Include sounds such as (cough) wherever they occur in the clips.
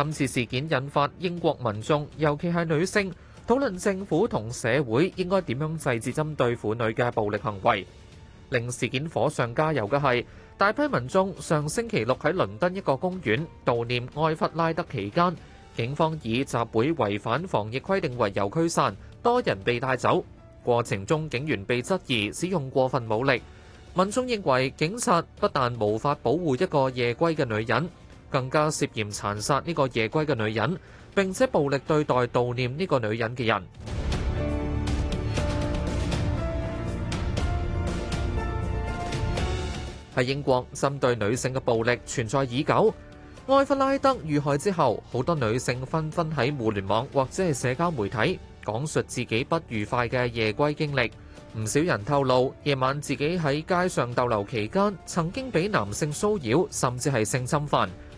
今次事件引發英國民眾尤其係女性討論政府同社會應該點樣制止針對婦女嘅暴力行為令事件火上加油嘅係大批民眾上星期六喺倫敦一個公園悼念埃弗拉德期間警方以集會違反防疫規定為由驅散多人被帶走過程中警員被質疑使用過分武力民眾認為警察不但無法保護一個夜歸嘅女人更加涉嫌殘殺呢個夜歸嘅女人，並且暴力對待悼念呢個女人嘅人。喺英國，針對女性嘅暴力存在已久。埃弗拉德遇害之後，好多女性紛紛喺互聯網或者係社交媒體講述自己不愉快嘅夜歸經歷。唔少人透露，夜晚自己喺街上逗留期間，曾經被男性騷擾，甚至係性侵犯。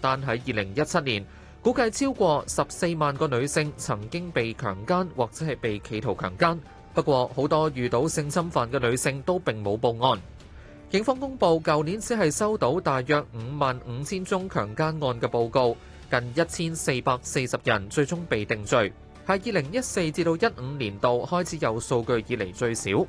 但喺二零一七年，估計超過十四萬個女性曾經被強奸，或者係被企圖強奸。不過，好多遇到性侵犯嘅女性都並冇報案。警方公布，舊年只係收到大約五萬五千宗強姦案嘅報告，近一千四百四十人最終被定罪，係二零一四至到一五年度開始有數據以嚟最少。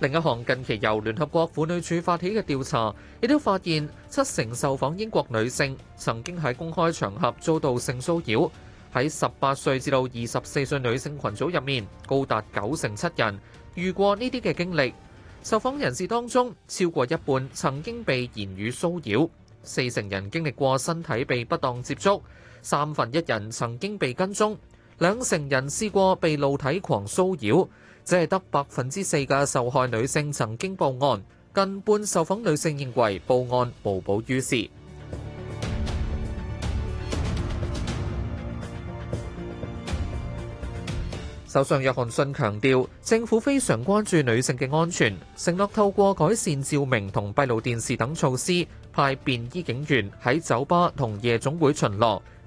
另一項近期由聯合國婦女署發起嘅調查，亦都發現七成受訪英國女性曾經喺公開場合遭到性騷擾。喺十八歲至到二十四歲女性群組入面，高達九成七人遇過呢啲嘅經歷。受訪人士當中，超過一半曾經被言語騷擾，四成人經歷過身體被不當接觸，三分一人曾經被跟蹤，兩成人試過被露體狂騷擾。只係得百分之四嘅受害女性曾經報案，近半受訪女性認為報案無補於事。 (noise) 首相約翰遜強調，政府非常關注女性嘅安全，承諾透過改善照明同閉路電視等措施，派便衣警員喺酒吧同夜總會巡邏。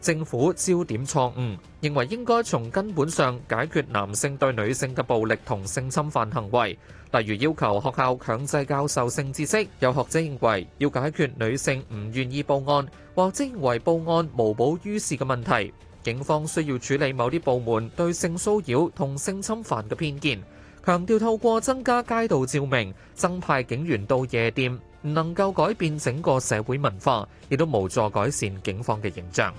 政府焦點錯誤，認為應該從根本上解決男性對女性嘅暴力同性侵犯行為，例如要求學校強制教授性知識。有學者認為要解決女性唔願意報案，或者認為報案無補於事嘅問題，警方需要處理某啲部門對性騷擾同性侵犯嘅偏見。強調透過增加街道照明、增派警員到夜店，唔能夠改變整個社會文化，亦都無助改善警方嘅形象。